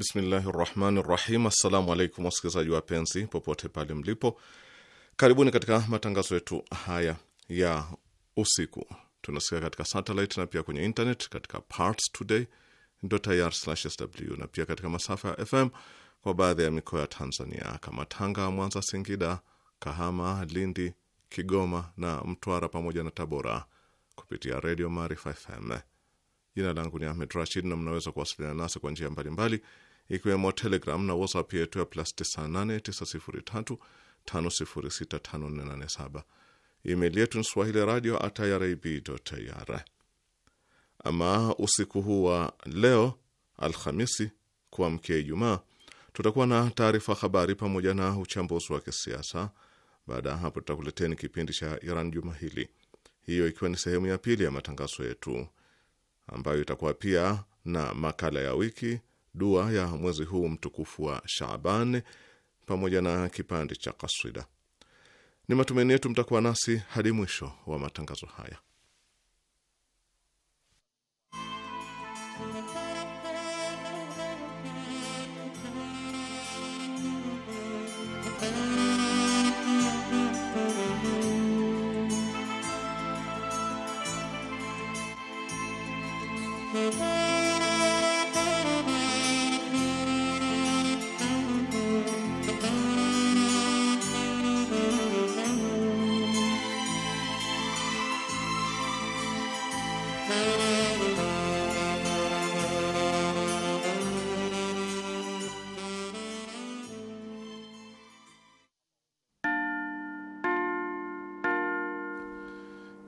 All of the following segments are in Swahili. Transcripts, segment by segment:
Bismillahi rahmani rahim. Assalamu alaikum wasikilizaji wapenzi, popote pale mlipo, karibuni katika matangazo yetu haya ya usiku. Tunasikia katika satellite na pia kwenye internet katika parstoday.ir/sw na pia katika masafa ya FM kwa baadhi ya mikoa ya Tanzania kama Tanga, Mwanza, Singida, Kahama, Lindi, Kigoma na Mtwara pamoja na Tabora kupitia Redio Maarifa FM. Jina langu ni Ahmed Rashid na mnaweza kuwasiliana nasi kwa njia mbalimbali mbali ikiwemo Telegram na WhatsApp yetu ya plus 989035065487. Email yetu ni swahili radio at irib.ir. Ama usiku huu wa leo Alhamisi kuamkia Ijumaa tutakuwa na taarifa habari pamoja na uchambuzi wa kisiasa. Baada ya hapo, tutakuleteni kipindi cha Iran juma hili, hiyo ikiwa ni sehemu ya pili ya matangazo yetu ambayo itakuwa pia na makala ya wiki dua ya mwezi huu mtukufu wa Shaaban pamoja na kipande cha kaswida. Ni matumaini yetu mtakuwa nasi hadi mwisho wa matangazo haya.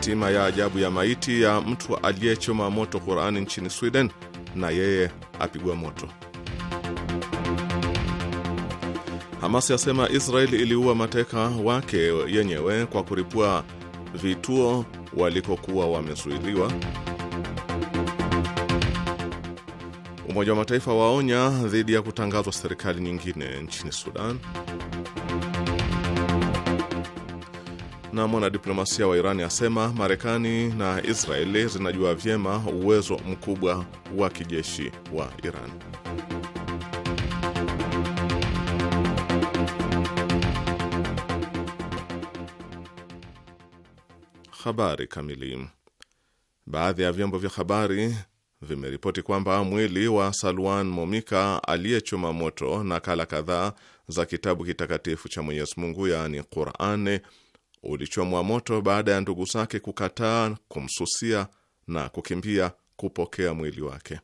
hatima ya ajabu ya maiti ya mtu aliyechoma moto Qur'ani nchini Sweden na yeye apigwa moto. Hamas yasema Israeli iliua mateka wake yenyewe kwa kuripua vituo walikokuwa wamezuiliwa. Umoja wa Mataifa waonya dhidi ya kutangazwa serikali nyingine nchini Sudan. na mwanadiplomasia wa Irani asema Marekani na Israeli zinajua vyema uwezo mkubwa wa kijeshi wa Iran. Habari kamili. Baadhi ya vyombo vya habari vimeripoti kwamba mwili wa Salwan Momika aliyechoma moto nakala kadhaa za kitabu kitakatifu cha Mwenyezi Mungu, yaani Qurani ulichomwa moto baada ya ndugu zake kukataa kumsusia na kukimbia kupokea mwili wake.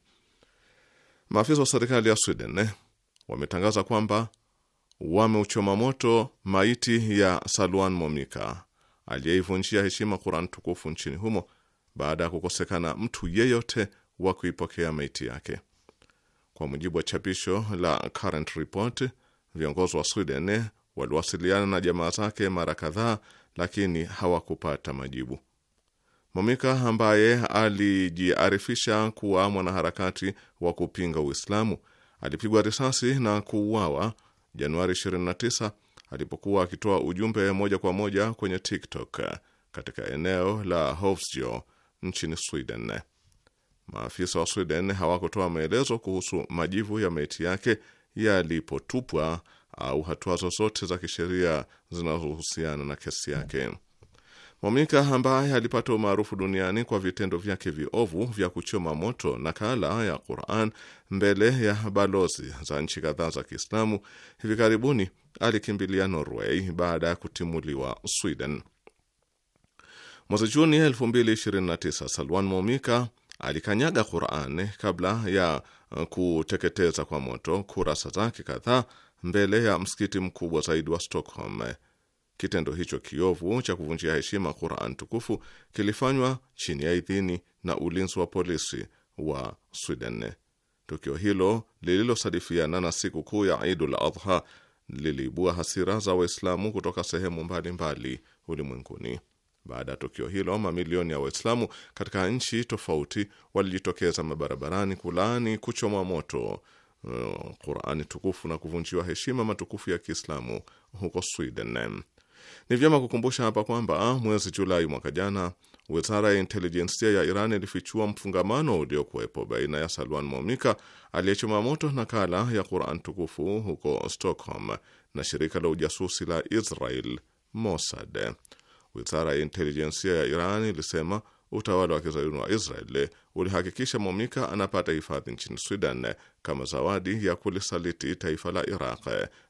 Maafisa wa serikali ya Sweden eh, wametangaza kwamba wameuchoma moto maiti ya Salwan Momika aliyeivunjia heshima Kurani tukufu nchini humo baada ya kukosekana mtu yeyote wa kuipokea maiti yake. Kwa mujibu wa chapisho la Current Report, viongozi wa Sweden eh, waliwasiliana na jamaa zake mara kadhaa, lakini hawakupata majibu. Momika ambaye alijiarifisha kuwa mwanaharakati wa kupinga Uislamu alipigwa risasi na kuuawa Januari 29 alipokuwa akitoa ujumbe moja kwa moja kwenye TikTok katika eneo la hovsjo nchini Sweden. Maafisa wa Sweden hawakutoa maelezo kuhusu majivu ya maiti yake yalipotupwa au hatua zozote za kisheria zinazohusiana na kesi yake. Momika ambaye alipata umaarufu duniani kwa vitendo vyake viovu vya kuchoma moto nakala ya Quran mbele ya balozi za nchi kadhaa za Kiislamu, hivi karibuni alikimbilia Norway baada ya kutimuliwa Sweden. Mwezi Juni 2029 Salwan Momika alikanyaga Quran kabla ya kuteketeza kwa moto kurasa zake kadhaa mbele ya msikiti mkubwa zaidi wa Stockholm. Kitendo hicho kiovu cha kuvunjia heshima Quran tukufu kilifanywa chini ya idhini na ulinzi wa polisi wa Sweden. Tukio hilo lililosadifiana na siku kuu ya Idul Adha liliibua hasira za Waislamu kutoka sehemu mbalimbali ulimwenguni. Baada ya tukio hilo, mamilioni ya Waislamu katika nchi tofauti walijitokeza mabarabarani kulaani kuchomwa moto Eh, Qurani tukufu na kuvunjiwa heshima matukufu ya Kiislamu huko Sweden. Ni vyema kukumbusha hapa kwamba mwezi Julai mwaka jana wizara ya intelijensia ya Iran ilifichua mfungamano uliokuwepo baina ya Salwan Momika aliyechoma moto nakala ya Quran tukufu huko Stockholm na shirika la ujasusi la Israel Mossad. Wizara ya intelijensia ya Iran ilisema utawala wa kizayuni wa Israel ulihakikisha Momika anapata hifadhi nchini Sweden kama zawadi ya kulisaliti taifa la Iraq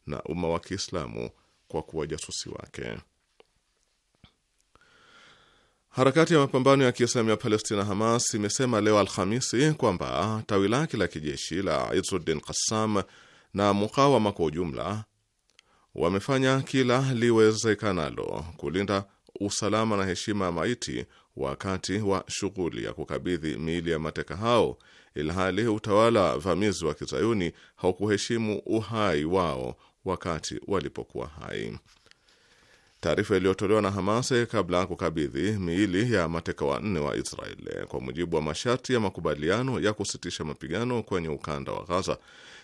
na umma wa Kiislamu kwa kuwa jasusi wake. Harakati ya mapambano ya Kiislamu ya Palestina, Hamas, imesema leo Alhamisi kwamba tawi lake la kijeshi la Izzuddin Qassam na mukawama kwa ujumla wamefanya kila liwezekanalo kulinda usalama na heshima ya maiti wakati wa shughuli ya kukabidhi miili ya mateka hao, ilhali utawala vamizi wa kizayuni haukuheshimu uhai wao wakati walipokuwa hai. Taarifa iliyotolewa na Hamas kabla ya kukabidhi miili ya mateka wanne wa Israel kwa mujibu wa masharti ya makubaliano ya kusitisha mapigano kwenye ukanda wa Gaza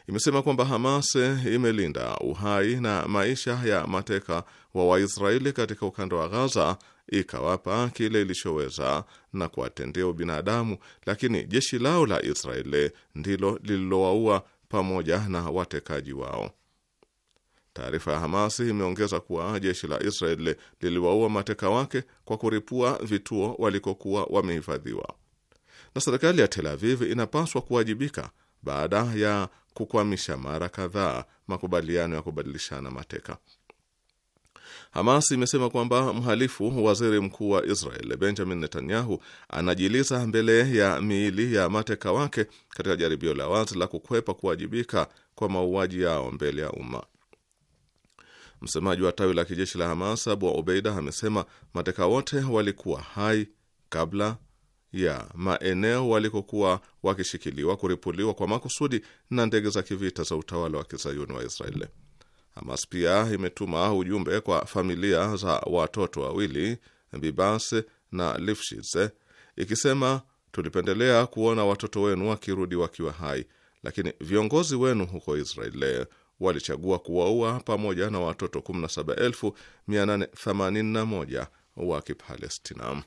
imesema kwamba Hamas imelinda uhai na maisha ya mateka wa Waisraeli katika ukanda wa Gaza ikawapa kile ilichoweza na kuwatendea ubinadamu, lakini jeshi lao la Israeli ndilo lililowaua pamoja na watekaji wao. Taarifa ya Hamasi imeongeza kuwa jeshi la Israeli liliwaua mateka wake kwa kuripua vituo walikokuwa wamehifadhiwa, na serikali ya Tel Aviv inapaswa kuwajibika baada ya kukwamisha mara kadhaa makubaliano ya kubadilishana mateka. Hamas imesema kwamba mhalifu waziri mkuu wa Israel Benjamin Netanyahu anajiliza mbele ya miili ya mateka wake katika jaribio la wazi la kukwepa kuwajibika kwa mauaji yao mbele ya umma. Msemaji wa tawi la kijeshi la Hamas Abu Ubeida amesema mateka wote walikuwa hai kabla ya maeneo walikokuwa wakishikiliwa kuripuliwa kwa makusudi na ndege za kivita za utawala wa kizayuni wa Israeli. Hamas pia imetuma ujumbe kwa familia za watoto wawili Bibas na Lifshitz ikisema, tulipendelea kuona watoto wenu wakirudi wakiwa hai, lakini viongozi wenu huko Israel walichagua kuwaua pamoja na watoto 17881 wa Kipalestina.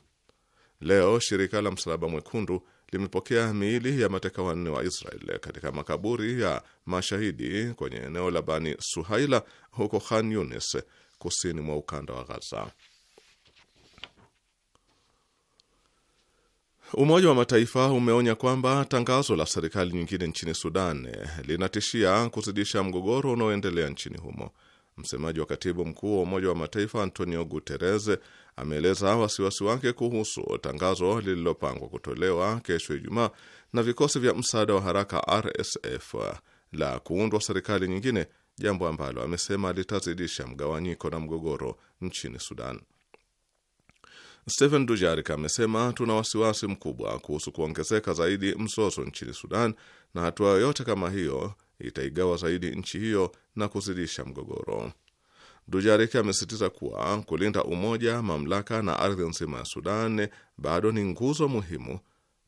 Leo shirika la Msalaba Mwekundu limepokea miili ya mateka wanne wa Israel katika makaburi ya mashahidi kwenye eneo la Bani Suhaila huko Khan Yunis, kusini mwa ukanda wa Ghaza. Umoja wa Mataifa umeonya kwamba tangazo la serikali nyingine nchini Sudan linatishia kuzidisha mgogoro unaoendelea nchini humo. Msemaji wa katibu mkuu wa Umoja wa Mataifa Antonio Guterres ameeleza wasiwasi wake kuhusu tangazo lililopangwa kutolewa kesho Ijumaa na vikosi vya msaada wa haraka RSF la kuundwa serikali nyingine, jambo ambalo amesema litazidisha mgawanyiko na mgogoro nchini Sudan. Stephen Dujarik amesema tuna wasiwasi mkubwa kuhusu kuongezeka zaidi mzozo nchini Sudan, na hatua yoyote kama hiyo itaigawa zaidi nchi hiyo na kuzidisha mgogoro. Dujarik amesisitiza kuwa kulinda umoja, mamlaka na ardhi nzima ya Sudan bado ni nguzo muhimu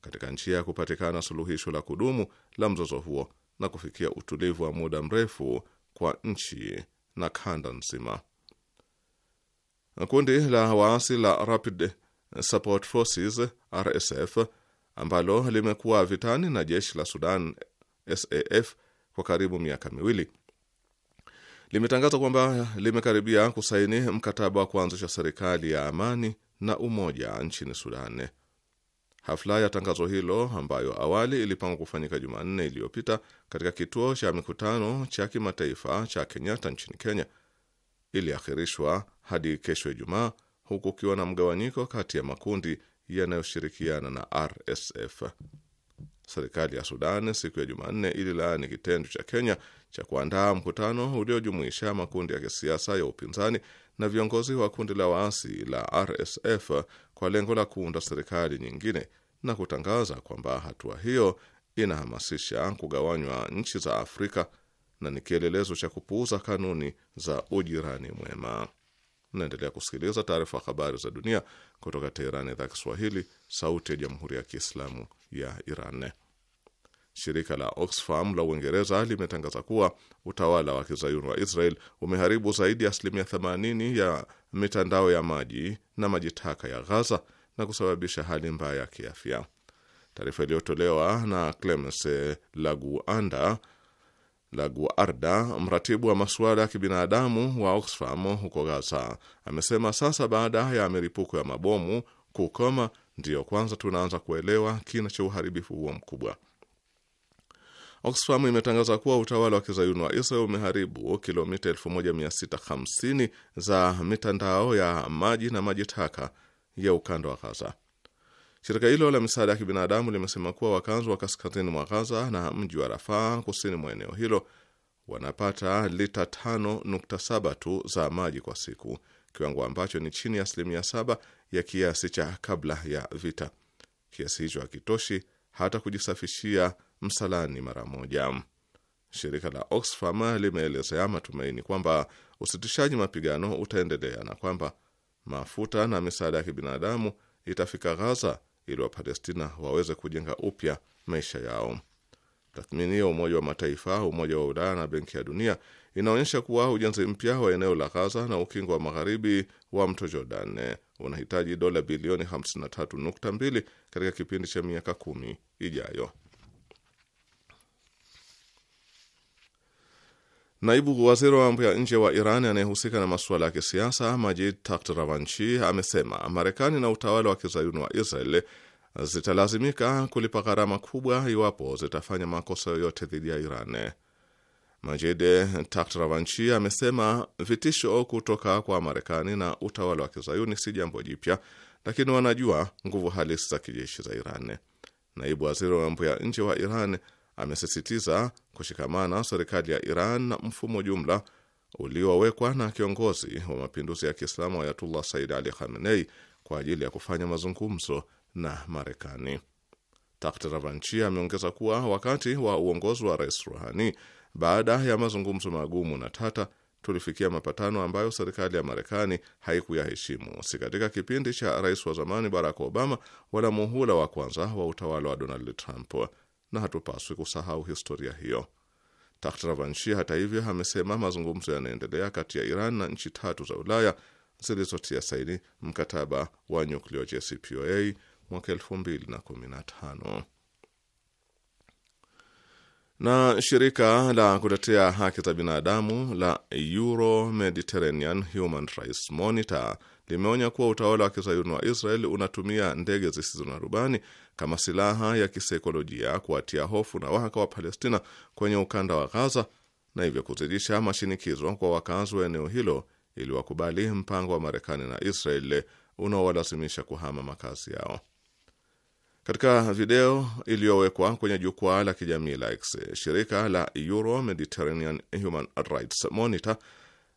katika njia ya kupatikana suluhisho la kudumu la mzozo huo na kufikia utulivu wa muda mrefu kwa nchi na kanda nzima. Kundi la waasi la Rapid Support Forces RSF ambalo limekuwa vitani na jeshi la Sudan SAF kwa karibu miaka miwili limetangaza kwamba limekaribia kusaini mkataba wa kuanzisha serikali ya amani na umoja nchini Sudan. Hafla ya tangazo hilo ambayo awali ilipangwa kufanyika Jumanne iliyopita katika kituo cha mikutano cha kimataifa cha Kenyatta nchini Kenya iliakhirishwa hadi kesho Ijumaa, huku ukiwa na mgawanyiko kati ya makundi yanayoshirikiana na RSF. Serikali ya Sudan siku ya Jumanne ililaani kitendo cha Kenya cha kuandaa mkutano uliojumuisha makundi ya kisiasa ya upinzani na viongozi wa kundi la waasi la RSF kwa lengo la kuunda serikali nyingine na kutangaza kwamba hatua hiyo inahamasisha kugawanywa nchi za Afrika na ni kielelezo cha kupuuza kanuni za ujirani mwema. Naendelea kusikiliza taarifa habari za dunia kutoka Teherani, idhaa Kiswahili, sauti ya jamhuri ya kiislamu ya Iran. Shirika la Oxfam la Uingereza limetangaza kuwa utawala wa kizayuni wa Israel umeharibu zaidi ya asilimia 80 ya mitandao ya maji na maji taka ya Ghaza na kusababisha hali mbaya ya kiafya. Taarifa iliyotolewa na Clemens Laguarda, Laguarda, mratibu wa masuala ya kibinadamu wa Oxfam huko Gaza, amesema sasa baada ya milipuko ya mabomu kukoma, ndiyo kwanza tunaanza kuelewa kina cha uharibifu huo mkubwa. Oxfam imetangaza kuwa utawala wa kizayuni wa Israel umeharibu kilomita 1650 za mitandao ya maji na maji taka ya ukanda wa Ghaza. Shirika hilo la misaada ya kibinadamu limesema kuwa wakazi wa kaskazini mwa Ghaza na mji wa Rafaa kusini mwa eneo hilo wanapata lita 5.7 tu za maji kwa siku, kiwango ambacho ni chini ya asilimia saba ya kiasi cha kabla ya vita. Kiasi hicho hakitoshi hata kujisafishia msalani mara moja. Shirika la Oxfam limeelezea matumaini kwamba usitishaji mapigano utaendelea na kwamba mafuta na misaada ya kibinadamu itafika Ghaza ili Wapalestina waweze kujenga upya maisha yao. Tathmini ya Umoja wa Mataifa, Umoja wa Ulaya na Benki ya Dunia inaonyesha kuwa ujenzi mpya wa eneo la Ghaza na ukingo wa magharibi wa mto Jordan unahitaji dola bilioni 53.2 katika kipindi cha miaka kumi ijayo. Naibu waziri wa mambo ya nje wa Iran anayehusika na masuala ya kisiasa Majid Ravanchi amesema Marekani na utawala wa kizayuni wa Israel zitalazimika kulipa gharama kubwa iwapo zitafanya makosa yoyote dhidi ya Iran. Majid Ravanchi amesema vitisho kutoka kwa Marekani na utawala wa kizayuni si jambo jipya, lakini wanajua nguvu halisi za kijeshi za Iran. Naibu waziri wa mambo ya nje wa Iran amesisitiza kushikamana serikali ya Iran na mfumo jumla uliowekwa na kiongozi wa mapinduzi ya Kiislamu Ayatullah Said Ali Khamenei kwa ajili ya kufanya mazungumzo na Marekani. Takht Ravanchi ameongeza kuwa wakati wa uongozi wa Rais Ruhani, baada ya mazungumzo magumu na tata, tulifikia mapatano ambayo serikali ya Marekani haikuyaheshimu, si katika kipindi cha rais wa zamani Barack Obama wala muhula wa kwanza wa utawala wa Donald Trump na hatupaswi kusahau historia hiyo. Takhtravanshi hata hivyo amesema mazungumzo yanaendelea kati ya Iran na nchi tatu za Ulaya zilizotia saini mkataba wa nyuklia JCPOA mwaka tano. na shirika la kutetea haki za binadamu la Euro Mediterranean Human Rights Monitor limeonya kuwa utawala wa kizayuni wa Israel unatumia ndege zisizo na rubani kama silaha ya kisaikolojia kuwatia hofu na waka wa Palestina kwenye ukanda wa Ghaza na hivyo kuzidisha mashinikizo kwa wakazi wa eneo hilo ili wakubali mpango wa Marekani na Israel unaowalazimisha kuhama makazi yao. Katika video iliyowekwa kwenye jukwaa la kijamii la X, shirika la Euro Mediterranean Human Rights Monitor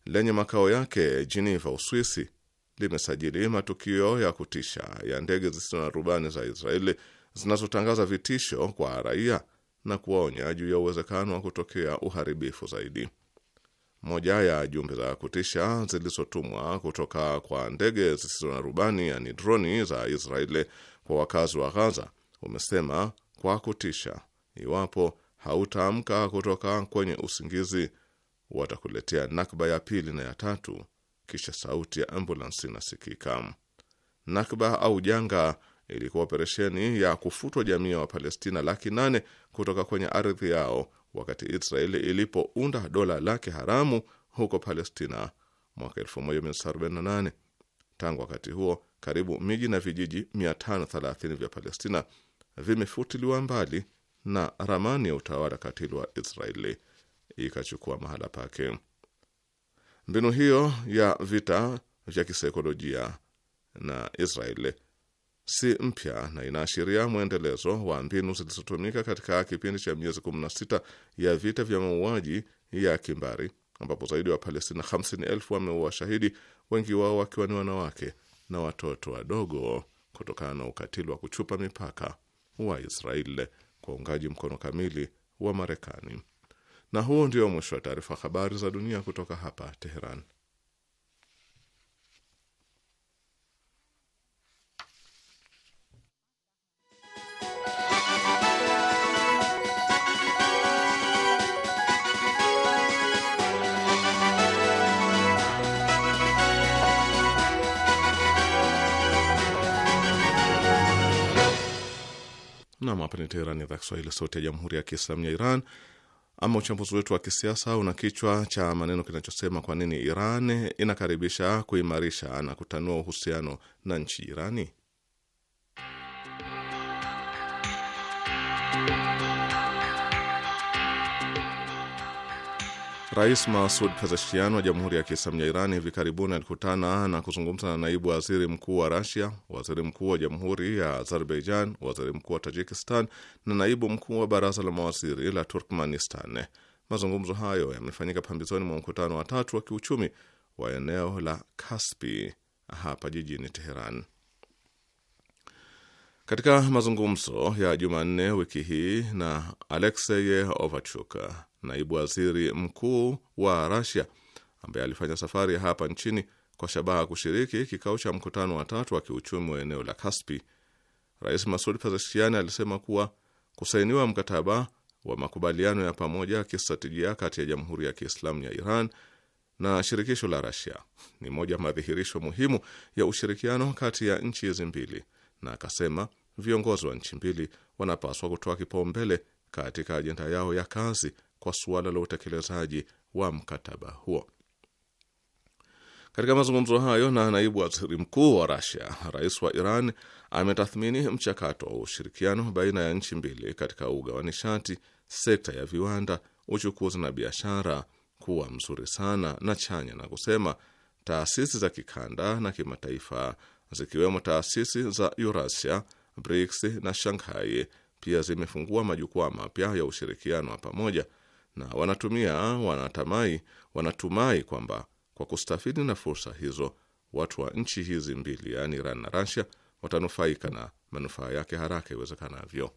lenye makao yake Geneva, Uswisi limesajili matukio ya kutisha ya ndege zisizo na rubani za Israeli zinazotangaza vitisho kwa raia na kuwaonya juu ya uwezekano wa kutokea uharibifu zaidi. Moja ya jumbe za kutisha zilizotumwa kutoka kwa ndege zisizo na rubani, yani droni za Israeli, kwa wakazi wa Gaza umesema kwa kutisha, iwapo hautaamka kutoka kwenye usingizi, watakuletea nakba ya pili na ya tatu kisha sauti ya ambulansi inasikika. Nakba au janga ilikuwa operesheni ya kufutwa jamii ya Wapalestina laki nane kutoka kwenye ardhi yao wakati Israeli ilipounda dola lake haramu huko Palestina mwaka 1948. Tangu wakati huo karibu miji na vijiji 530 vya Palestina vimefutiliwa mbali na ramani ya utawala katili wa Israeli ikachukua mahala pake. Mbinu hiyo ya vita vya kisaikolojia na israel si mpya na inaashiria mwendelezo wa mbinu zilizotumika katika kipindi cha miezi 16 ya vita vya mauaji ya kimbari ambapo zaidi wa palestina 50,000 wameua shahidi, wengi wao wakiwa ni wanawake na watoto wadogo, kutokana na ukatili wa kuchupa mipaka wa israel kwa ungaji mkono kamili wa Marekani. Na huo ndio mwisho wa taarifa habari za dunia kutoka hapa Teheran. Nam, hapa ni Teherani, idhaa Kiswahili, sauti ya jamhuri ya kiislamu ya Iran. Ama uchambuzi wetu wa kisiasa una kichwa cha maneno kinachosema kwa nini Iran inakaribisha kuimarisha na kutanua uhusiano na nchi jirani. Rais Masud Pezeshkian wa Jamhuri ya Kiislamu ya Iran hivi karibuni alikutana na kuzungumza na naibu waziri mkuu wa Rasia, waziri mkuu wa Jamhuri ya Azerbaijan, waziri mkuu wa Tajikistan na naibu mkuu wa baraza la mawaziri la Turkmanistan. Mazungumzo hayo yamefanyika pambizoni mwa mkutano wa tatu wa kiuchumi wa eneo la Kaspi hapa jijini Teheran. Katika mazungumzo ya Jumanne wiki hii na Alexey ovachuk naibu waziri mkuu wa rasia ambaye alifanya safari hapa nchini kwa shabaha kushiriki kikao cha mkutano wa tatu wa kiuchumi wa eneo la Kaspi, Rais Masud Pezeshkian alisema kuwa kusainiwa mkataba wa makubaliano ya pamoja ya kistratejia kati ya Jamhuri ya Kiislamu ya Iran na shirikisho la Rasia ni moja madhihirisho muhimu ya ushirikiano kati ya nchi hizi mbili, na akasema viongozi wa nchi mbili wanapaswa kutoa kipaumbele katika ajenda yao ya kazi kwa suala la utekelezaji wa mkataba huo. Katika mazungumzo hayo na naibu waziri mkuu wa Rasia, rais wa Iran ametathmini mchakato wa ushirikiano baina ya nchi mbili katika uga wa nishati, sekta ya viwanda, uchukuzi na biashara kuwa mzuri sana na chanya, na kusema taasisi za kikanda na kimataifa zikiwemo taasisi za Eurasia BRICS na Shanghai pia zimefungua majukwaa mapya ya ushirikiano wa pamoja, na wanatumia wanatamai wanatumai kwamba kwa kustafidi na fursa hizo watu wa nchi hizi mbili, yaani Iran na Russia, watanufaika na manufaa yake haraka iwezekanavyo.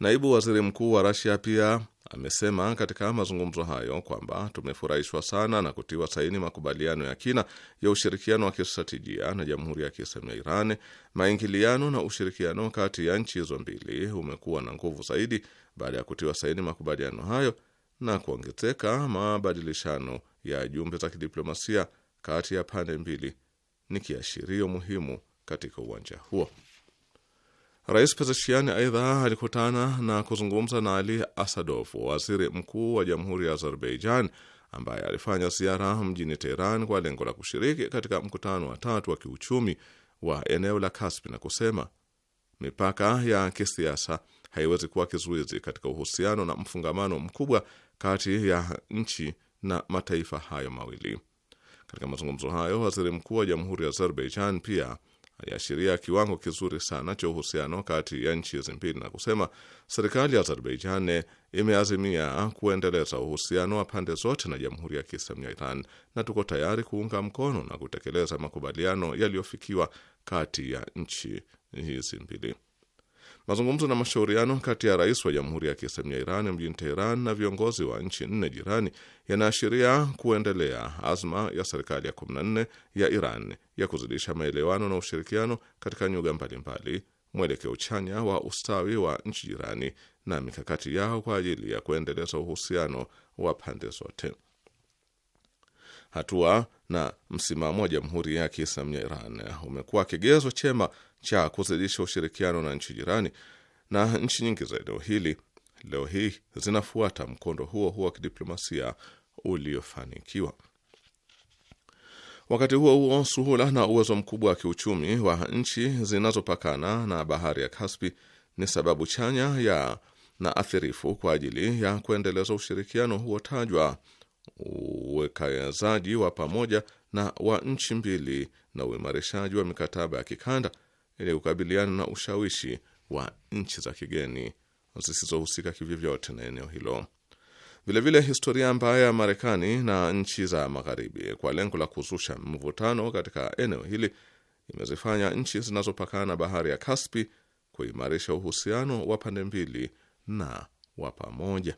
Naibu waziri mkuu wa Russia pia amesema katika mazungumzo hayo kwamba tumefurahishwa sana na kutiwa saini makubaliano ya kina ya ushirikiano wa kistratejia na Jamhuri ya Kiislamu ya Iran. Maingiliano na ushirikiano kati ya nchi hizo mbili umekuwa na nguvu zaidi baada ya kutiwa saini makubaliano hayo na kuongezeka mabadilishano ya jumbe za kidiplomasia kati ya pande mbili, ni kiashirio muhimu katika uwanja huo. Rais Pezeshkian aidha alikutana na kuzungumza na Ali Asadov, waziri mkuu wa jamhuri ya Azerbaijan, ambaye alifanya ziara mjini Teheran kwa lengo la kushiriki katika mkutano wa tatu wa kiuchumi wa eneo la Kaspi na kusema mipaka ya kisiasa haiwezi kuwa kizuizi katika uhusiano na mfungamano mkubwa kati ya nchi na mataifa hayo mawili. Katika mazungumzo hayo, waziri mkuu wa jamhuri ya Azerbaijan pia aliashiria kiwango kizuri sana cha uhusiano kati ya nchi hizi mbili na kusema serikali ya Azerbaijan imeazimia kuendeleza uhusiano wa pande zote na Jamhuri ya Kiislamu ya Iran na tuko tayari kuunga mkono na kutekeleza makubaliano yaliyofikiwa kati ya nchi hizi mbili. Mazungumzo na mashauriano kati ya rais wa Jamhuri ya Kiislamu ya Iran mjini Teheran na viongozi wa nchi nne jirani yanaashiria kuendelea azma ya serikali ya 14 ya Iran ya kuzidisha maelewano na ushirikiano katika nyuga mbalimbali, mwelekeo chanya wa ustawi wa nchi jirani na mikakati yao kwa ajili ya kuendeleza uhusiano wa pande zote. Hatua na msimamo wa Jamhuri ya Kiislamu ya Iran umekuwa kigezo chema cha kuzidisha ushirikiano na nchi jirani, na nchi nyingi za eneo hili leo hii zinafuata mkondo huo huo wa kidiplomasia uliofanikiwa. Wakati huo huo, suhula na uwezo mkubwa wa kiuchumi wa nchi zinazopakana na bahari ya Kaspi ni sababu chanya ya na athirifu kwa ajili ya kuendeleza ushirikiano huo tajwa, uwekezaji wa pamoja na wa nchi mbili, na uimarishaji wa mikataba ya kikanda ili kukabiliana na ushawishi wa nchi za kigeni zisizohusika kivyovyote na eneo hilo. Vilevile, historia mbaya ya Marekani na nchi za Magharibi kwa lengo la kuzusha mvutano katika eneo hili imezifanya nchi zinazopakana na bahari ya Kaspi kuimarisha uhusiano wa pande mbili na wa pamoja.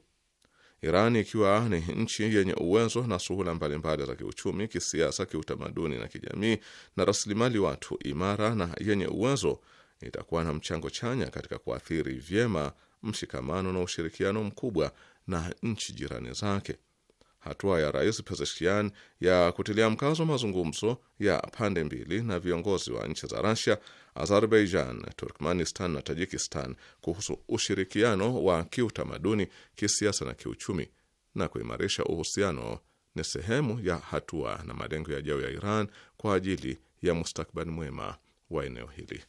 Iran ikiwa ni nchi yenye uwezo na suhula mbalimbali za kiuchumi, kisiasa, kiutamaduni na kijamii na rasilimali watu imara na yenye uwezo, itakuwa na mchango chanya katika kuathiri vyema mshikamano na ushirikiano mkubwa na nchi jirani zake. Hatua ya Rais Pezeshkian ya kutilia mkazo mazungumzo ya pande mbili na viongozi wa nchi za Rasia, Azerbaijan, turkmanistan na Tajikistan kuhusu ushirikiano wa kiutamaduni, kisiasa na kiuchumi na kuimarisha uhusiano ni sehemu ya hatua na malengo yajayo ya Iran kwa ajili ya mustakbali mwema wa eneo hili.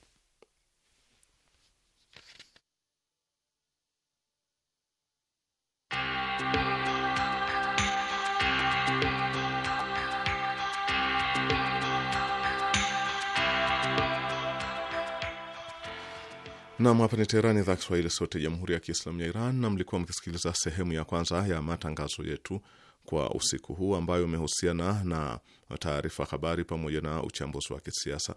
Nam, hapa ni Teherani, idhaa Kiswahili sote jamhuri ya Kiislamu ya Iran, na mlikuwa mkisikiliza sehemu ya kwanza ya matangazo yetu kwa usiku huu ambayo umehusiana na taarifa habari pamoja na uchambuzi wa kisiasa.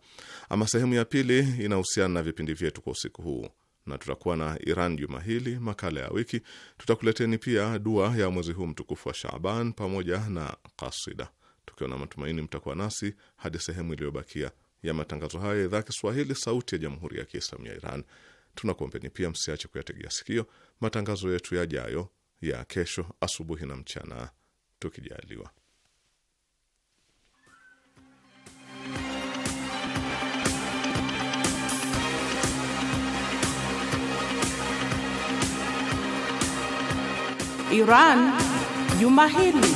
Ama sehemu ya pili inahusiana na vipindi vyetu kwa usiku huu, na tutakuwa na Iran juma hili, makala ya wiki, tutakuleteni pia dua ya mwezi huu mtukufu wa Shaaban pamoja na kasida, tukiwa na matumaini mtakuwa nasi hadi sehemu iliyobakia ya matangazo haya ya idhaa Kiswahili sauti ya jamhuri ya Kiislamu ya Iran. Tunakuombeni pia msiache kuyategea sikio matangazo yetu yajayo ya kesho asubuhi na mchana, tukijaliwa. Iran Juma hili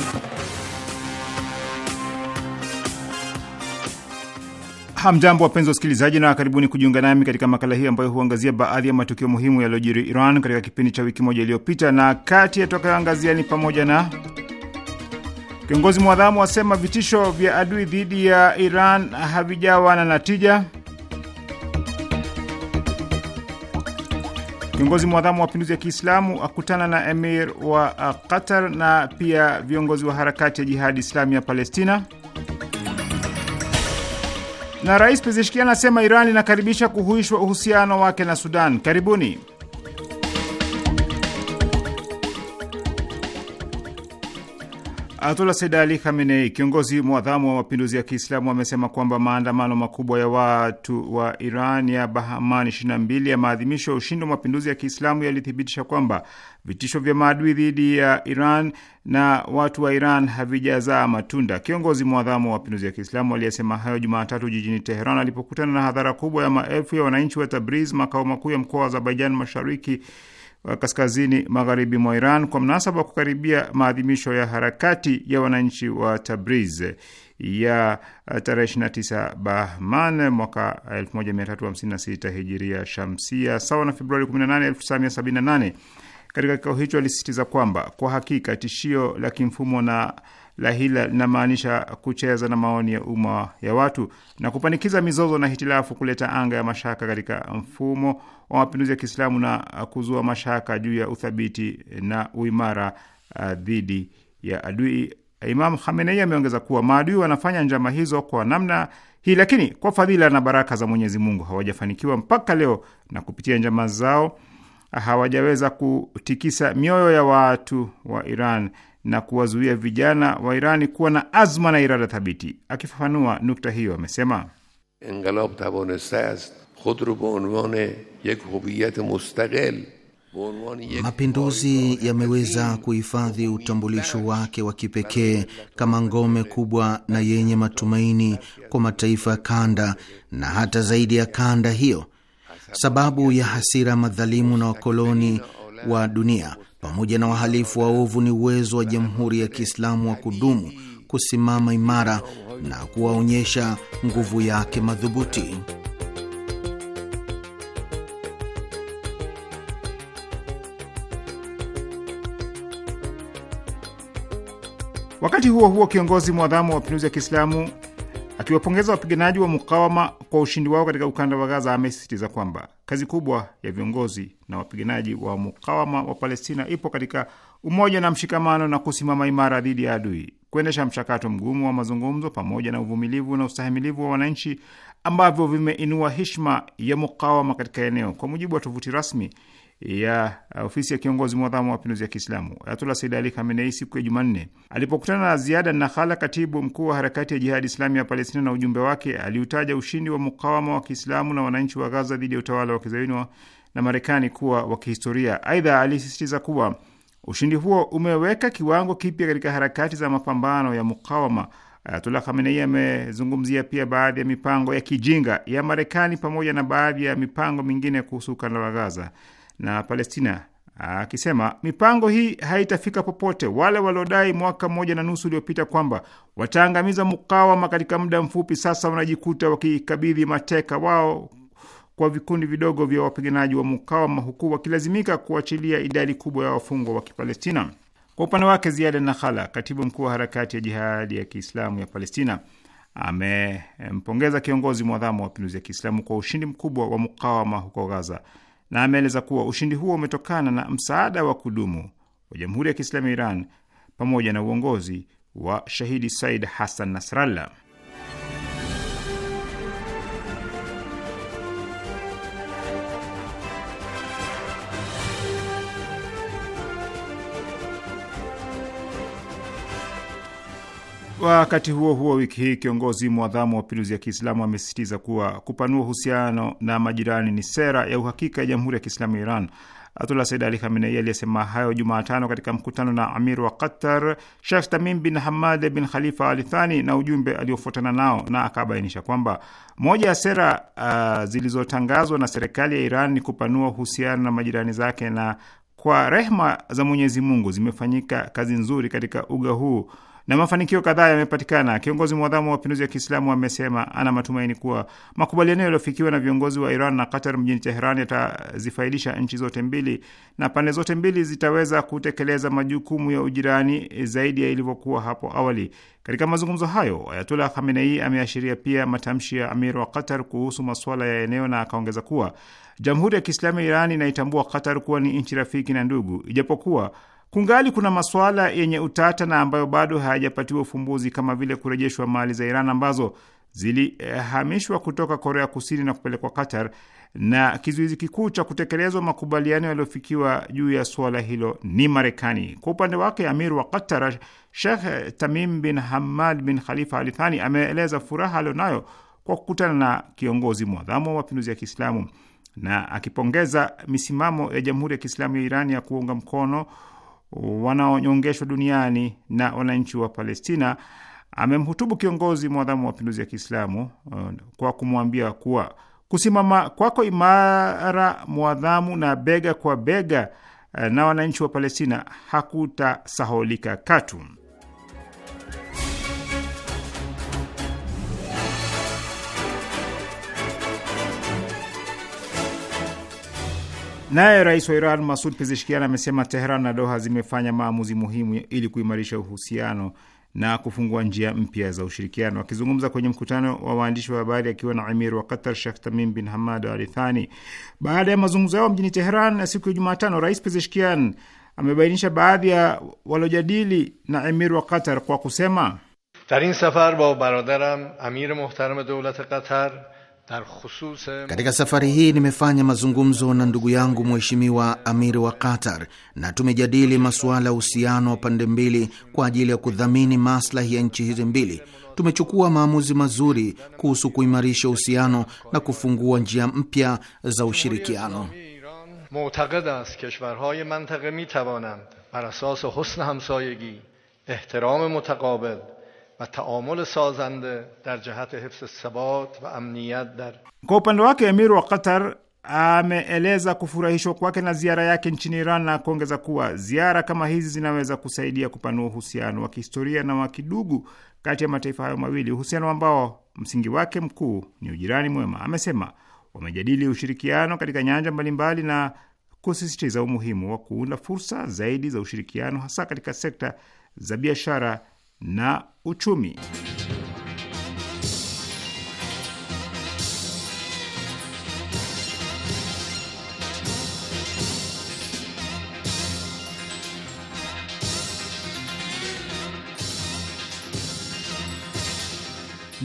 Hamjambo, wapenzi wasikilizaji, na karibuni kujiunga nami katika makala hii ambayo huangazia baadhi ya matukio muhimu yaliyojiri Iran katika kipindi cha wiki moja iliyopita, na kati yatakayoangazia ni pamoja na kiongozi mwadhamu asema vitisho vya adui dhidi ya Iran havijawa na natija, kiongozi mwadhamu wa mapinduzi ya Kiislamu akutana na emir wa Qatar na pia viongozi wa harakati ya jihadi Islami ya Palestina na Rais Pezeshkian anasema Iran inakaribisha kuhuishwa uhusiano wake na Sudan. Karibuni. Ayatollah Said Ali Khamenei, kiongozi mwadhamu wa mapinduzi ya Kiislamu, amesema kwamba maandamano makubwa ya watu wa Iran ya Bahman 22 ya maadhimisho ya ushindi wa mapinduzi ya Kiislamu yalithibitisha kwamba vitisho vya maadui dhidi ya Iran na watu wa Iran havijazaa matunda. Kiongozi mwadhamu wa mapinduzi ya Kiislamu aliyesema hayo Jumatatu jijini Teheran alipokutana na hadhara kubwa ya maelfu ya wananchi wa Tabriz, makao makuu ya mkoa wa Azerbaijan Mashariki kaskazini magharibi mwa Iran kwa mnasaba wa kukaribia maadhimisho ya harakati ya wananchi wa Tabriz ya uh, tarehe 29 Bahman mwaka 1356 hijiria shamsia sawa na Februari 18, 1978. Katika kikao hicho alisisitiza kwamba kwa hakika tishio la kimfumo na la hila linamaanisha kucheza na maoni ya umma ya watu na kupanikiza mizozo na hitilafu, kuleta anga ya mashaka katika mfumo wa mapinduzi ya Kiislamu na kuzua mashaka juu ya uthabiti na uimara uh, dhidi ya adui. Imam Khamenei ameongeza kuwa maadui wanafanya njama hizo kwa namna hii, lakini kwa fadhila na baraka za Mwenyezi Mungu hawajafanikiwa mpaka leo, na kupitia njama zao hawajaweza kutikisa mioyo ya watu wa Iran na kuwazuia vijana wa Irani kuwa na azma na irada thabiti. Akifafanua nukta hiyo, amesema inqilab ast khud ro be yek mustaqil Mapinduzi yameweza kuhifadhi utambulisho wake wa kipekee kama ngome kubwa na yenye matumaini kwa mataifa ya kanda na hata zaidi ya kanda hiyo. Sababu ya hasira madhalimu na wakoloni wa dunia pamoja na wahalifu waovu ni uwezo wa Jamhuri ya Kiislamu wa kudumu kusimama imara na kuwaonyesha nguvu yake madhubuti. Wakati huo huo, kiongozi mwadhamu wa mapinduzi ya Kiislamu Akiwapongeza wapiganaji wa mukawama kwa ushindi wao katika ukanda wa Gaza, amesisitiza kwamba kazi kubwa ya viongozi na wapiganaji wa mukawama wa Palestina ipo katika umoja na mshikamano na kusimama imara dhidi ya adui, kuendesha mchakato mgumu wa mazungumzo pamoja na uvumilivu na ustahimilivu wa wananchi ambavyo vimeinua heshima ya mukawama katika eneo. Kwa mujibu wa tovuti rasmi ya uh, ofisi ya kiongozi mwadhamu wa mapinduzi ya Kiislamu Ayatullah Said Ali Khamenei siku ya Jumanne alipokutana na Ziada Nakhala, katibu mkuu wa harakati ya Jihadi Islami ya Palestina, na ujumbe wake, aliutaja ushindi wa mukawama wa Kiislamu na wananchi wa Gaza dhidi ya utawala wa kizayuni na Marekani kuwa wa kihistoria. Aidha, alisisitiza kuwa ushindi huo umeweka kiwango kipya katika harakati za mapambano ya mukawama. Ayatullah Khamenei amezungumzia pia baadhi ya mipango ya kijinga ya Marekani pamoja na baadhi ya mipango mingine kuhusu ukanda wa Gaza na Palestina akisema mipango hii haitafika popote. Wale waliodai mwaka mmoja na nusu uliopita kwamba wataangamiza mukawama katika muda mfupi, sasa wanajikuta wakikabidhi mateka wao kwa vikundi vidogo vya wapiganaji wa mukawama, huku wakilazimika kuachilia idadi kubwa ya wafungwa wa Kipalestina. Kwa upande wake, Ziada Nakhala, katibu mkuu wa harakati ya Jihadi ya Kiislamu ya Palestina, amempongeza kiongozi mwadhamu wa mapinduzi ya Kiislamu kwa ushindi mkubwa wa mukawama huko Gaza na ameeleza kuwa ushindi huo umetokana na msaada wa kudumu wa Jamhuri ya Kiislamu ya Iran pamoja na uongozi wa shahidi Said Hassan Nasrallah. Wakati huo huo, wiki hii kiongozi mwadhamu wa mapinduzi ya Kiislamu amesisitiza kuwa kupanua uhusiano na majirani ni sera ya uhakika ya Jamhuri ya Kiislamu ya Iran. Ayatullah Said Ali Khamenei aliyesema hayo Jumatano katika mkutano na amir wa Qatar Sheikh Tamim bin Hamad bin Khalifa Al Thani na ujumbe aliofuatana nao, na akabainisha kwamba moja ya sera uh, zilizotangazwa na serikali ya Iran ni kupanua uhusiano na majirani zake, na kwa rehma za Mwenyezi Mungu zimefanyika kazi nzuri katika uga huu na mafanikio kadhaa yamepatikana. Kiongozi mwadhamu wa mapinduzi ya Kiislamu amesema ana matumaini kuwa makubaliano yaliyofikiwa na viongozi wa Iran na Qatar mjini Teheran yatazifaidisha nchi zote mbili na pande zote mbili zitaweza kutekeleza majukumu ya ujirani zaidi ya ilivyokuwa hapo awali. Katika mazungumzo hayo, Ayatullah Khamenei ameashiria pia matamshi ya amir wa Qatar kuhusu masuala ya eneo na akaongeza kuwa Jamhuri ya Kiislamu ya Iran inaitambua Qatar kuwa ni nchi rafiki na ndugu, ijapokuwa Kungali kuna masuala yenye utata na ambayo bado hayajapatiwa ufumbuzi kama vile kurejeshwa mali za Iran ambazo zilihamishwa kutoka Korea Kusini na kupelekwa Qatar, na kizuizi kikuu cha kutekelezwa makubaliano yaliyofikiwa juu ya suala hilo ni Marekani. Kwa upande wake, amir wa Qatar Sheikh Tamim bin Hamad bin Khalifa Al Thani ameeleza furaha alionayo kwa kukutana na kiongozi mwadhamu wa mapinduzi ya Kiislamu na akipongeza misimamo ya Jamhuri ya Kiislamu ya Iran ya kuunga mkono wanaonyongeshwa duniani na wananchi wa Palestina, amemhutubu kiongozi mwadhamu wa mapinduzi ya Kiislamu uh, kwa kumwambia kuwa kusimama kwako imara mwadhamu na bega kwa bega uh, na wananchi wa Palestina hakutasahulika katu. Naye rais wa Iran Masud Pezeshkian amesema Teheran na Doha zimefanya maamuzi muhimu ili kuimarisha uhusiano na kufungua njia mpya za ushirikiano. Akizungumza kwenye mkutano wa waandishi wa habari akiwa na Amir wa Qatar shekh Tamim bin Hamad Al Thani baada ya mazungumzo yao mjini Teheran na siku ya Jumatano, rais Pezeshkian amebainisha baadhi ya walojadili na Amir wa Qatar kwa kusema: dar in safar ba baradaram amir muhtaram doulat qatar Eh, Katika safari hii nimefanya mazungumzo na ndugu yangu mheshimiwa amiri wa Qatar na tumejadili masuala ya uhusiano wa pande mbili kwa ajili ya kudhamini maslahi ya nchi hizi mbili. Tumechukua maamuzi mazuri kuhusu kuimarisha uhusiano na kufungua njia mpya za ushirikiano. mutaqid ast keshvarhay mantaqe bar asas husn hamsayagi ehtiram mutaqabil و تعامل سازنده در جهت حفظ ثبات و امنیت در Kwa upande wake Emir wa Qatar ameeleza kufurahishwa kwake na ziara yake nchini Iran na kuongeza kuwa ziara kama hizi zinaweza kusaidia kupanua uhusiano wa kihistoria na wa kidugu kati ya mataifa hayo mawili, uhusiano ambao msingi wake mkuu ni ujirani mwema. Amesema wamejadili ushirikiano katika nyanja mbalimbali na kusisitiza umuhimu wa kuunda fursa zaidi za ushirikiano hasa katika sekta za biashara na uchumi.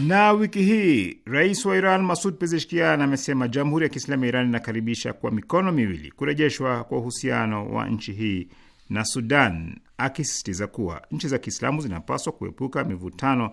Na wiki hii rais wa Iran Masud Pezeshkian amesema jamhuri ya Kiislamu ya Iran inakaribisha kwa mikono miwili kurejeshwa kwa uhusiano wa nchi hii na Sudan akisisitiza kuwa nchi za Kiislamu zinapaswa kuepuka mivutano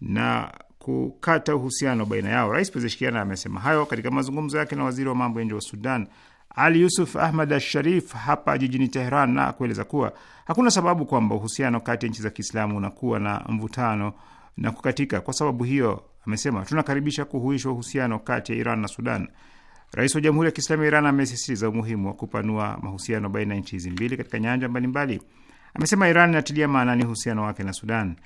na kukata uhusiano baina yao. Rais Pezeshkiana amesema hayo katika mazungumzo yake na waziri wa mambo ya nje wa Sudan Ali Yusuf Ahmad Asharif hapa jijini Teheran na kueleza kuwa hakuna sababu kwamba uhusiano kati ya nchi za Kiislamu unakuwa na mvutano na kukatika. Kwa sababu hiyo, amesema tunakaribisha kuhuishwa uhusiano kati ya Iran na Sudan. Rais wa Jamhuri ya Kiislamu ya Iran amesisitiza umuhimu wa kupanua mahusiano baina ya nchi hizi mbili katika nyanja mbalimbali mbali. Amesema Iran inatilia maanani uhusiano wake na Sudan,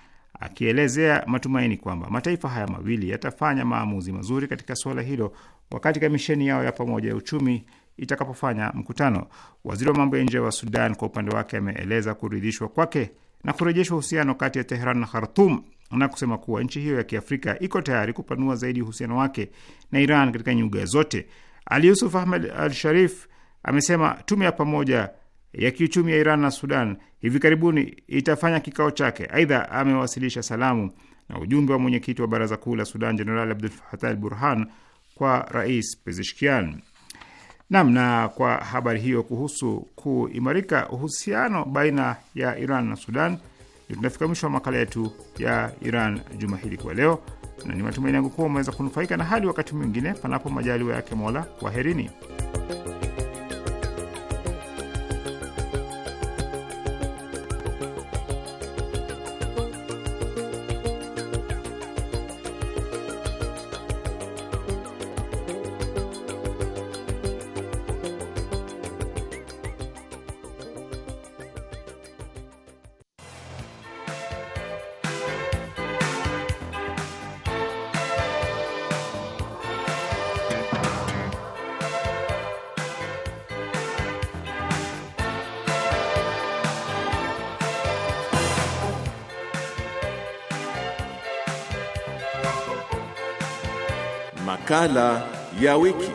akielezea matumaini kwamba mataifa haya mawili yatafanya maamuzi mazuri katika suala hilo wakati kamisheni yao ya pamoja ya uchumi itakapofanya mkutano. Waziri wa mambo ya nje wa Sudan kwa upande wake ameeleza kuridhishwa kwake na kurejeshwa uhusiano kati ya Teheran na Khartum na kusema kuwa nchi hiyo ya Kiafrika iko tayari kupanua zaidi uhusiano wake na Iran katika nyuga zote. Ali Yusuf Ahmed Al Sharif amesema tume ya pamoja ya kiuchumi ya Iran na Sudan hivi karibuni itafanya kikao chake. Aidha, amewasilisha salamu na ujumbe wa mwenyekiti wa baraza kuu la Sudan Jenerali Abdul Fatah Al Burhan kwa Rais Pezeshkian. Nam, na kwa habari hiyo kuhusu kuimarika uhusiano baina ya Iran na Sudan, ndio tunafika mwisho wa makala yetu ya Iran juma hili kwa leo, na ni matumaini yangu kuwa umeweza kunufaika. Na hadi wakati mwingine, panapo majaliwa yake Mola, kwaherini. makala ya wiki.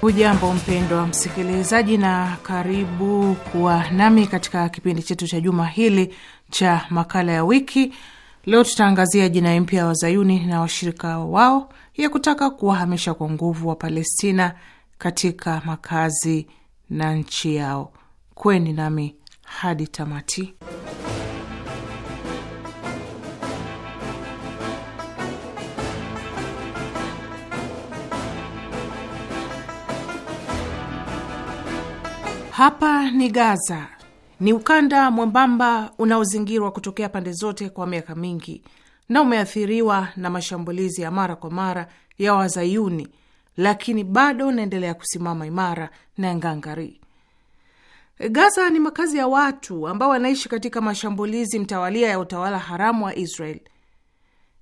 Hujambo mpendwa msikilizaji, na karibu kuwa nami katika kipindi chetu cha juma hili cha makala ya wiki. Leo tutaangazia jinai mpya ya wazayuni na washirika wao ya kutaka kuwahamisha kwa nguvu wa Palestina katika makazi na nchi yao. Kweni nami hadi tamati. Hapa ni Gaza, ni ukanda mwembamba unaozingirwa kutokea pande zote kwa miaka mingi na umeathiriwa na mashambulizi ya mara kwa mara ya Wazayuni, lakini bado unaendelea kusimama imara na ngangari. Gaza ni makazi ya watu ambao wanaishi katika mashambulizi mtawalia ya utawala haramu wa Israel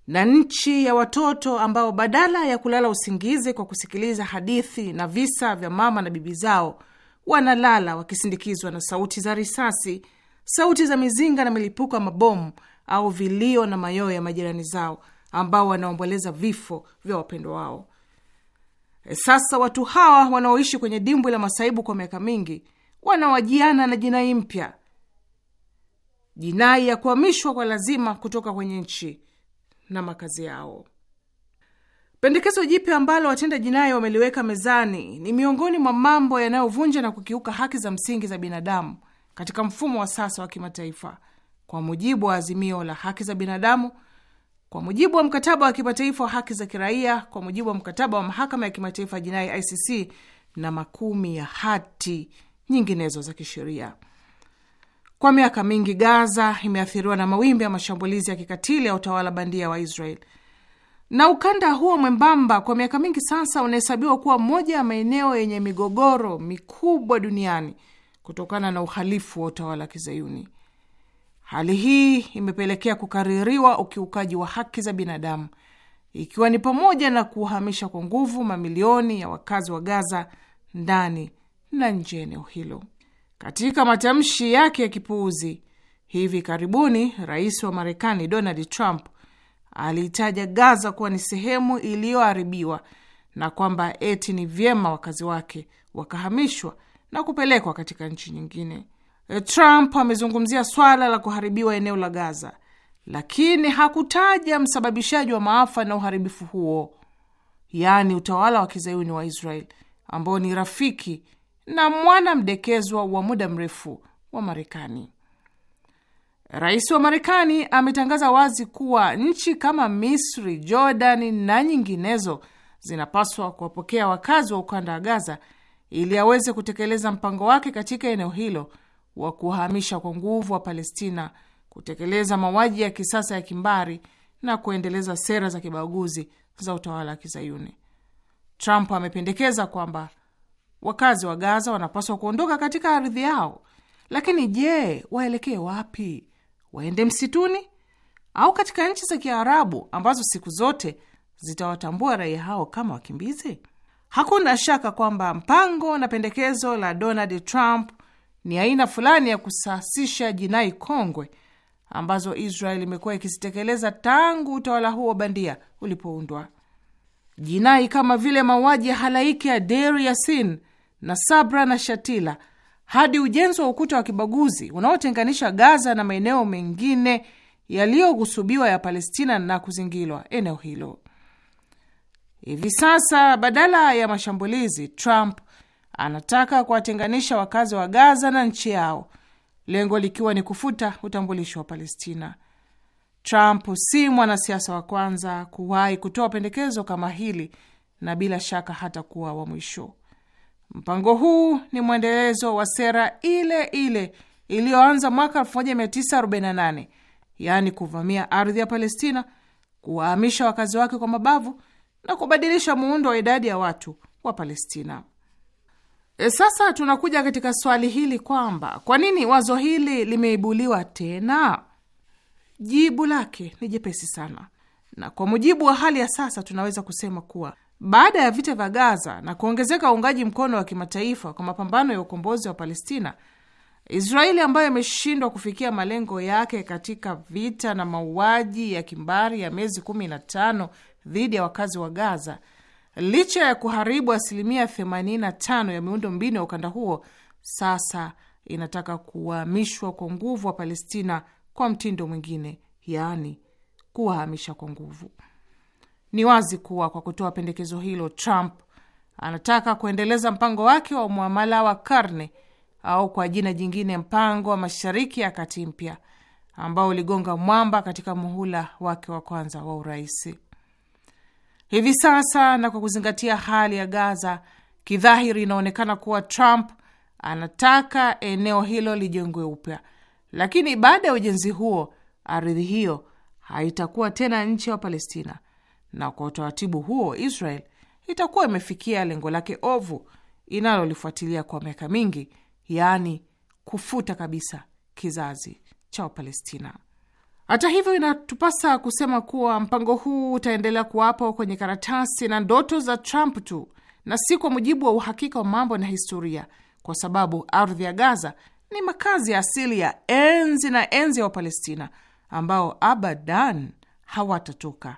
na nchi ya watoto ambao badala ya kulala usingizi kwa kusikiliza hadithi na visa vya mama na bibi zao wanalala wakisindikizwa na sauti za risasi, sauti za mizinga na milipuko ya mabomu au vilio na mayoyo ya majirani zao ambao wanaomboleza vifo vya wapendwa wao. E, sasa watu hawa wanaoishi kwenye dimbwi la masaibu kwa miaka mingi wanawajiana na jinai mpya, jinai ya kuhamishwa kwa lazima kutoka kwenye nchi na makazi yao. Pendekezo jipya ambalo watenda jinai wameliweka mezani ni miongoni mwa mambo yanayovunja na kukiuka haki za msingi za binadamu katika mfumo wa sasa wa kimataifa, kwa mujibu wa azimio la haki za binadamu, kwa mujibu wa mkataba wa kimataifa wa haki za kiraia, kwa mujibu wa mkataba wa mahakama ya kimataifa ya jinai ICC na makumi ya hati nyinginezo za kisheria. Kwa miaka mingi Gaza imeathiriwa na mawimbi ya mashambulizi ya kikatili ya utawala bandia wa Israel na ukanda huo mwembamba kwa miaka mingi sasa unahesabiwa kuwa moja ya maeneo yenye migogoro mikubwa duniani kutokana na uhalifu wa utawala wa Kizayuni. Hali hii imepelekea kukaririwa ukiukaji wa haki za binadamu, ikiwa ni pamoja na kuhamisha kwa nguvu mamilioni ya wakazi wa Gaza ndani na nje eneo hilo. Katika matamshi yake ya kipuuzi hivi karibuni, rais wa Marekani Donald Trump aliitaja Gaza kuwa ni sehemu iliyoharibiwa na kwamba eti ni vyema wakazi wake wakahamishwa na kupelekwa katika nchi nyingine. Trump amezungumzia swala la kuharibiwa eneo la Gaza, lakini hakutaja msababishaji wa maafa na uharibifu huo, yaani utawala wa kizayuni wa Israel ambao ni rafiki na mwana mdekezwa wa muda mrefu wa Marekani. Rais wa Marekani ametangaza wazi kuwa nchi kama Misri, Jordani na nyinginezo zinapaswa kuwapokea wakazi wa ukanda wa Gaza ili aweze kutekeleza mpango wake katika eneo hilo wa kuhamisha kwa nguvu wa Palestina, kutekeleza mauaji ya kisasa ya kimbari na kuendeleza sera za kibaguzi za utawala wa Kizayuni. Trump amependekeza kwamba wakazi wa Gaza wanapaswa kuondoka katika ardhi yao, lakini je, waelekee wapi? waende msituni au katika nchi za Kiarabu ambazo siku zote zitawatambua raia hao kama wakimbizi? Hakuna shaka kwamba mpango na pendekezo la Donald Trump ni aina fulani ya kusasisha jinai kongwe ambazo Israel imekuwa ikizitekeleza tangu utawala huo bandia ulipoundwa. Jinai kama vile mauaji ya halaiki ya Deir Yassin na Sabra na Shatila hadi ujenzi wa ukuta wa kibaguzi unaotenganisha Gaza na maeneo mengine yaliyoghusubiwa ya Palestina na kuzingirwa eneo hilo. Hivi sasa, badala ya mashambulizi, Trump anataka kuwatenganisha wakazi wa Gaza na nchi yao, lengo likiwa ni kufuta utambulisho wa Palestina. Trump si mwanasiasa wa kwanza kuwahi kutoa pendekezo kama hili na bila shaka hata kuwa wa mwisho. Mpango huu ni mwendelezo wa sera ile ile iliyoanza mwaka 1948 yaani kuvamia ardhi ya Palestina, kuwahamisha wakazi wake kwa mabavu na kubadilisha muundo wa idadi ya watu wa Palestina. E, sasa tunakuja katika swali hili kwamba kwa nini wazo hili limeibuliwa tena? Jibu lake ni jepesi sana, na kwa mujibu wa hali ya sasa tunaweza kusema kuwa baada ya vita vya Gaza na kuongezeka uungaji mkono wa kimataifa kwa mapambano ya ukombozi wa Palestina, Israeli ambayo imeshindwa kufikia malengo yake katika vita na mauaji ya kimbari ya miezi 15 dhidi ya wakazi wa Gaza, licha ya kuharibu asilimia 85 ya miundo mbinu ya ukanda huo, sasa inataka kuwahamishwa kwa nguvu wa Palestina kwa mtindo mwingine, yaani kuwahamisha kwa nguvu. Ni wazi kuwa kwa kutoa pendekezo hilo, Trump anataka kuendeleza mpango wake wa mwamala wa karne au kwa jina jingine mpango wa Mashariki ya Kati mpya ambao uligonga mwamba katika muhula wake wa kwanza wa urais. Hivi sasa na kwa kuzingatia hali ya Gaza, kidhahiri inaonekana kuwa Trump anataka eneo hilo lijengwe upya, lakini baada ya ujenzi huo ardhi hiyo haitakuwa tena nchi ya Palestina na kwa utaratibu huo Israel itakuwa imefikia lengo lake ovu inalolifuatilia kwa miaka mingi, yaani kufuta kabisa kizazi cha Wapalestina. Hata hivyo, inatupasa kusema kuwa mpango huu utaendelea kuwapo kwenye karatasi na ndoto za Trump tu na si kwa mujibu wa uhakika wa mambo na historia, kwa sababu ardhi ya Gaza ni makazi ya asili ya enzi na enzi ya Wapalestina ambao abadan hawatatoka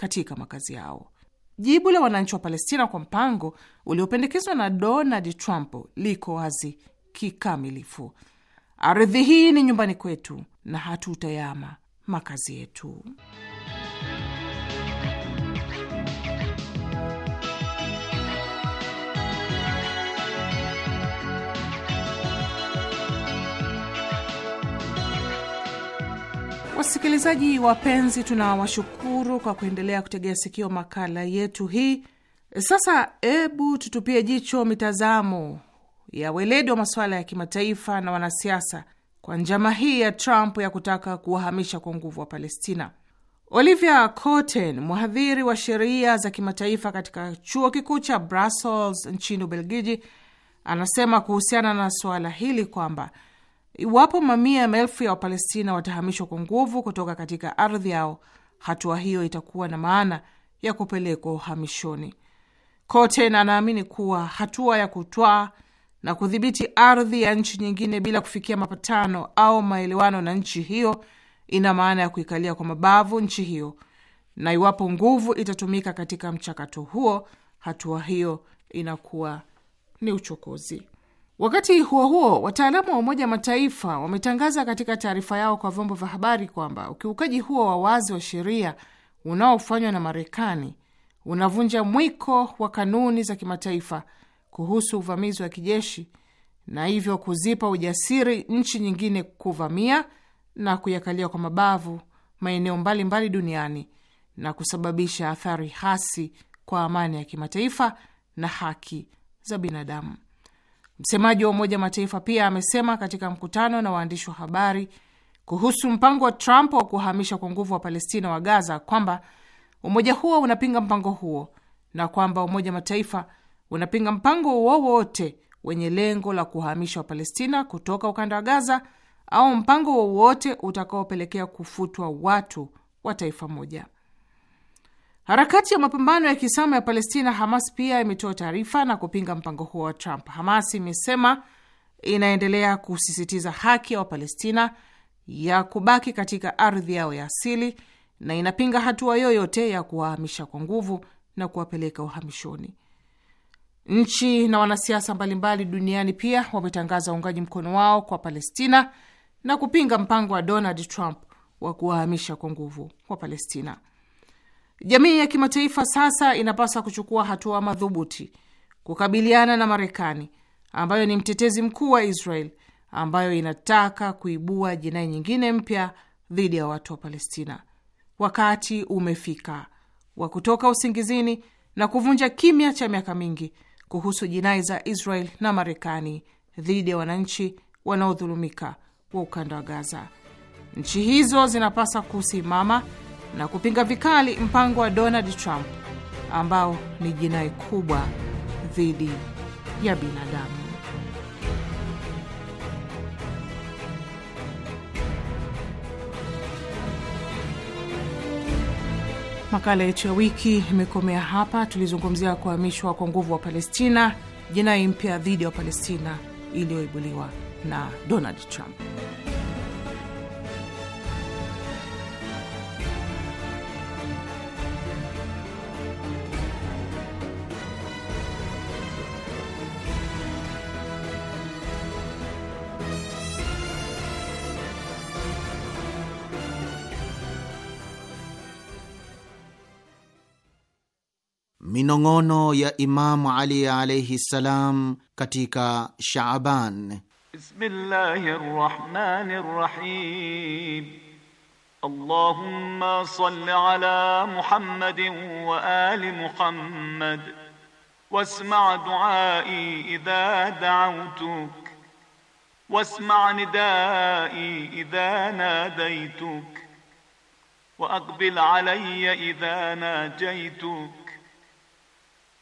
katika makazi yao. Jibu la wananchi wa Palestina kwa mpango uliopendekezwa na Donald Trump liko wazi kikamilifu: ardhi hii ni nyumbani kwetu na hatutayama makazi yetu. Wasikilizaji wapenzi, tunawashukuru kwa kuendelea kutegea sikio makala yetu hii. Sasa hebu tutupie jicho mitazamo ya weledi wa masuala ya kimataifa na wanasiasa kwa njama hii ya Trump ya kutaka kuwahamisha kwa nguvu wa Palestina. Olivia cotten mhadhiri wa sheria za kimataifa katika chuo kikuu cha Brussels nchini Ubelgiji, anasema kuhusiana na suala hili kwamba Iwapo mamia ya maelfu ya Wapalestina watahamishwa kwa nguvu kutoka katika ardhi yao, hatua hiyo itakuwa na maana ya kupelekwa uhamishoni kote, na anaamini kuwa hatua ya kutwaa na kudhibiti ardhi ya nchi nyingine bila kufikia mapatano au maelewano na nchi hiyo ina maana ya kuikalia kwa mabavu nchi hiyo, na iwapo nguvu itatumika katika mchakato huo, hatua hiyo inakuwa ni uchokozi. Wakati huo huo, wataalamu wa Umoja Mataifa wametangaza katika taarifa yao kwa vyombo vya habari kwamba ukiukaji huo wa wazi wa sheria unaofanywa na Marekani unavunja mwiko wa kanuni za kimataifa kuhusu uvamizi wa kijeshi na hivyo kuzipa ujasiri nchi nyingine kuvamia na kuyakalia kwa mabavu maeneo mbalimbali duniani na kusababisha athari hasi kwa amani ya kimataifa na haki za binadamu. Msemaji wa Umoja Mataifa pia amesema katika mkutano na waandishi wa habari kuhusu mpango wa Trump wa kuhamisha kwa nguvu wa Palestina wa Gaza kwamba umoja huo unapinga mpango huo na kwamba Umoja Mataifa unapinga mpango wowote wenye lengo la kuhamisha Wapalestina kutoka ukanda wa Gaza au mpango wowote utakaopelekea kufutwa watu wa taifa moja. Harakati ya mapambano ya kiislamu ya Palestina, Hamas, pia imetoa taarifa na kupinga mpango huo wa Trump. Hamas imesema inaendelea kusisitiza haki ya Wapalestina ya kubaki katika ardhi yao ya asili na inapinga hatua yoyote ya kuwahamisha kwa nguvu na kuwapeleka uhamishoni. Nchi na wanasiasa mbalimbali duniani pia wametangaza uungaji mkono wao kwa Palestina na kupinga mpango wa Donald Trump wa kuwahamisha kwa nguvu wa Palestina. Jamii ya kimataifa sasa inapaswa kuchukua hatua madhubuti kukabiliana na Marekani ambayo ni mtetezi mkuu wa Israel ambayo inataka kuibua jinai nyingine mpya dhidi ya watu wa Palestina. Wakati umefika wa kutoka usingizini na kuvunja kimya cha miaka mingi kuhusu jinai za Israel na Marekani dhidi ya wananchi wanaodhulumika wa ukanda wa Gaza. Nchi hizo zinapaswa kusimama na kupinga vikali mpango wa Donald Trump ambao ni jinai kubwa dhidi ya binadamu. Makala yetu ya wiki imekomea hapa. Tulizungumzia kuhamishwa kwa nguvu wa Palestina, jinai mpya dhidi ya Wapalestina iliyoibuliwa na Donald Trump. minong'ono ya Imamu Ali alaihi ssalam katika Shaaban. Bismillahir Rahmanir rahim. Allahumma salli ala Muhammadin wa ali Muhammad wasma duai idha dautuk wasma nidai idha nadaituk wa aqbil alayya idha najaituk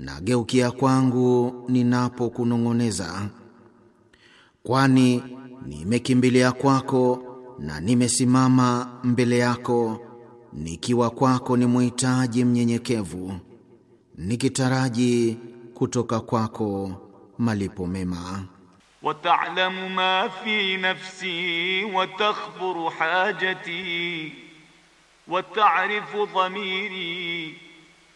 na geukia kwangu ninapokunong'oneza, kwani nimekimbilia kwako na nimesimama mbele yako nikiwa kwako ni mwhitaji mnyenyekevu, nikitaraji kutoka kwako malipo mema. watalamu ma fi nafsi wa hajati wa ta'rifu dhamiri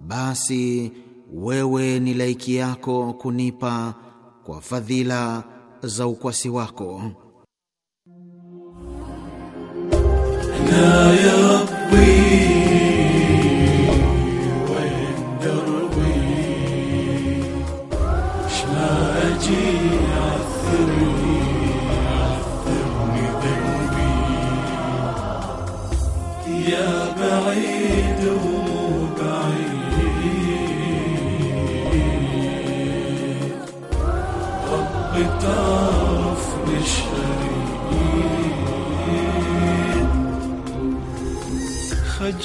basi wewe ni laiki yako kunipa kwa fadhila za ukwasi wako Naya.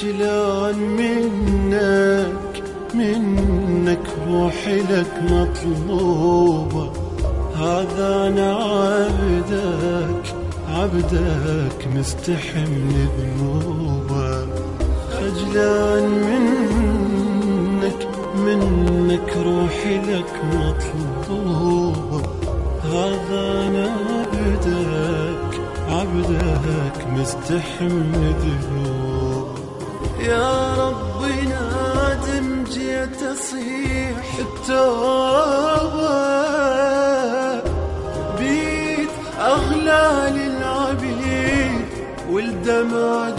خجلان منك منك روحي لك مطلوبة هذا أنا عبدك عبدك مستحم لذنوبة خجلان منك منك روحي لك مطلوبة هذا أنا عبدك عبدك مستحم لذنوبة يا ربي نادم جيت اصيح التوبه بيت اغلى للعبيد والدمع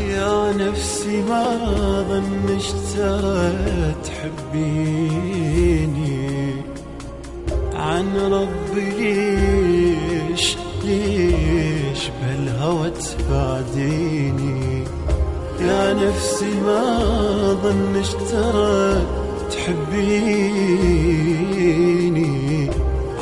يا نفسي ما ظن ترى تحبيني عن ربي ليش ليش بالهوى تبعديني يا نفسي ما ظن ترى تحبيني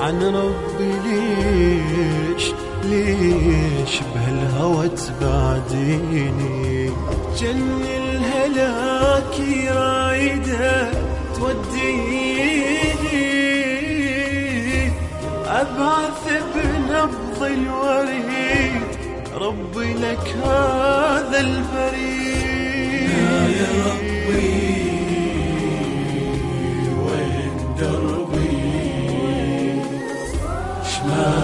عن ربي ليش ليش بهالهوى تبعديني جن الهلاك رايدة توديني أبعث بنبض الوريد ربي لك هذا البريد يا ربي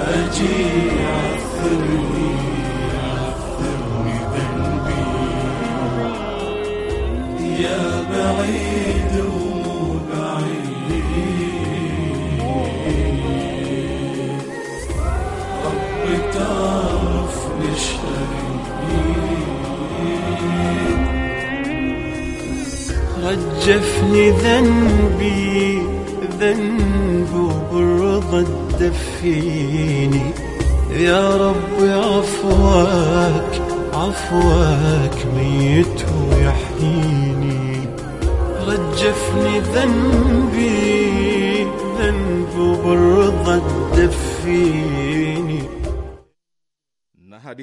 أجي عثرني عثرني ذنبي يا بعيد وبعيد رب تعرف لشريد رجفني ذنبي ذنب ورضا تدفيني يا رب عفوك عفوك ميت ويحييني رجفني ذنبي ذنب وبالرضا تدفيني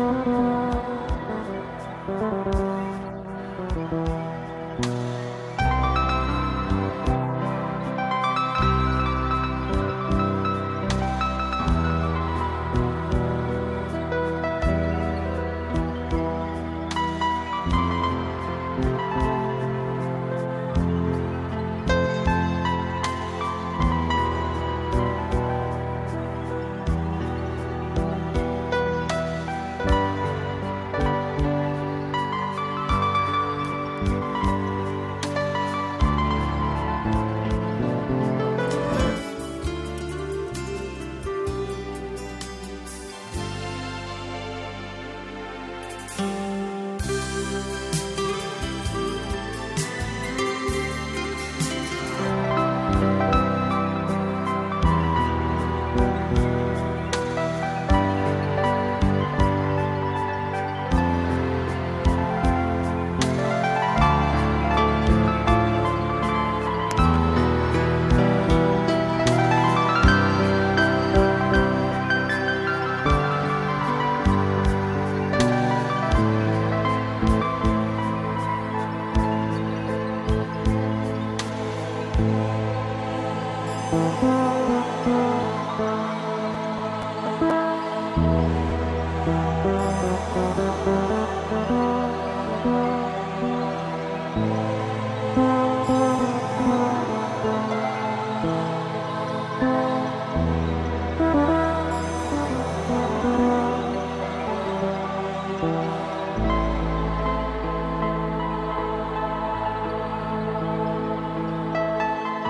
Thank you.